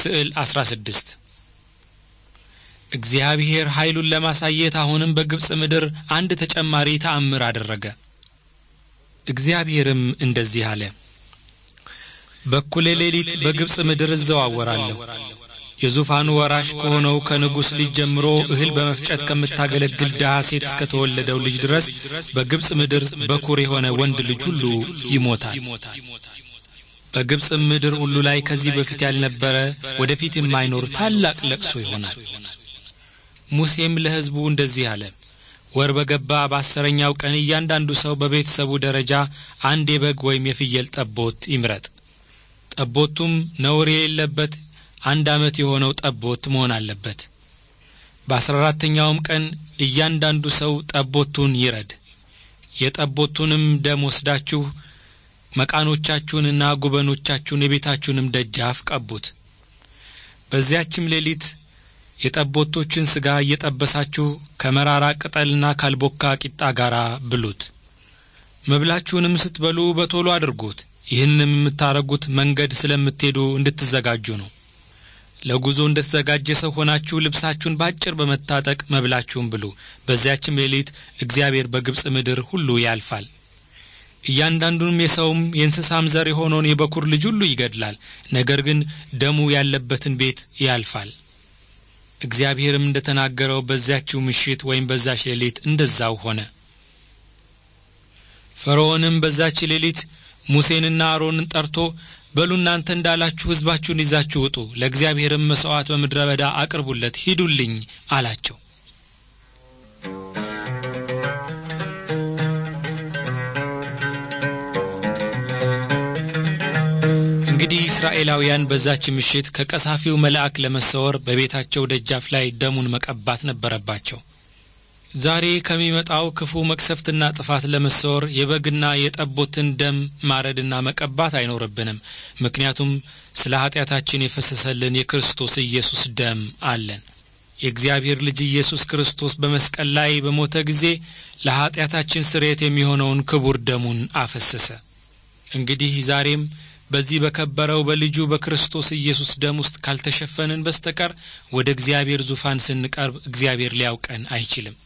ስዕል 16 እግዚአብሔር ኃይሉን ለማሳየት አሁንም በግብፅ ምድር አንድ ተጨማሪ ተአምር አደረገ። እግዚአብሔርም እንደዚህ አለ፣ በኩሌ ሌሊት በግብፅ ምድር እዘዋወራለሁ። የዙፋኑ ወራሽ ከሆነው ከንጉሥ ልጅ ጀምሮ እህል በመፍጨት ከምታገለግል ድሃ ሴት እስከተወለደው ልጅ ድረስ በግብፅ ምድር በኩር የሆነ ወንድ ልጅ ሁሉ ይሞታል። በግብፅ ምድር ሁሉ ላይ ከዚህ በፊት ያልነበረ ወደፊት የማይኖር ታላቅ ለቅሶ ይሆናል ሙሴም ለሕዝቡ እንደዚህ አለ ወር በገባ በአስረኛው ቀን እያንዳንዱ ሰው በቤተሰቡ ደረጃ አንድ የበግ ወይም የፍየል ጠቦት ይምረጥ ጠቦቱም ነውር የሌለበት አንድ ዓመት የሆነው ጠቦት መሆን አለበት በአስራ አራተኛውም ቀን እያንዳንዱ ሰው ጠቦቱን ይረድ የጠቦቱንም ደም ወስዳችሁ መቃኖቻችሁንና ጉበኖቻችሁን የቤታችሁንም ደጃፍ ቀቡት። በዚያችም ሌሊት የጠቦቶችን ሥጋ እየጠበሳችሁ ከመራራ ቅጠልና ካልቦካ ቂጣ ጋር ብሉት። መብላችሁንም ስትበሉ በቶሎ አድርጉት። ይህንም የምታረጉት መንገድ ስለምትሄዱ እንድትዘጋጁ ነው። ለጉዞ እንደተዘጋጀ ሰው ሆናችሁ ልብሳችሁን በአጭር በመታጠቅ መብላችሁን ብሉ። በዚያችም ሌሊት እግዚአብሔር በግብፅ ምድር ሁሉ ያልፋል። እያንዳንዱንም የሰውም የእንስሳም ዘር የሆነውን የበኩር ልጅ ሁሉ ይገድላል። ነገር ግን ደሙ ያለበትን ቤት ያልፋል። እግዚአብሔርም እንደ ተናገረው በዚያችው ምሽት ወይም በዛች ሌሊት እንደዛው ሆነ። ፈርዖንም በዛች ሌሊት ሙሴንና አሮንን ጠርቶ በሉ እናንተ እንዳላችሁ ሕዝባችሁን ይዛችሁ ውጡ፣ ለእግዚአብሔርም መሥዋዕት በምድረ በዳ አቅርቡለት፣ ሂዱልኝ አላቸው። እንግዲህ እስራኤላውያን በዛች ምሽት ከቀሳፊው መልአክ ለመሰወር በቤታቸው ደጃፍ ላይ ደሙን መቀባት ነበረባቸው። ዛሬ ከሚመጣው ክፉ መቅሰፍትና ጥፋት ለመሰወር የበግና የጠቦትን ደም ማረድና መቀባት አይኖርብንም። ምክንያቱም ስለ ኃጢአታችን የፈሰሰልን የክርስቶስ ኢየሱስ ደም አለን። የእግዚአብሔር ልጅ ኢየሱስ ክርስቶስ በመስቀል ላይ በሞተ ጊዜ ለኃጢአታችን ስርየት የሚሆነውን ክቡር ደሙን አፈሰሰ። እንግዲህ ዛሬም በዚህ በከበረው በልጁ በክርስቶስ ኢየሱስ ደም ውስጥ ካልተሸፈንን በስተቀር ወደ እግዚአብሔር ዙፋን ስንቀርብ እግዚአብሔር ሊያውቀን አይችልም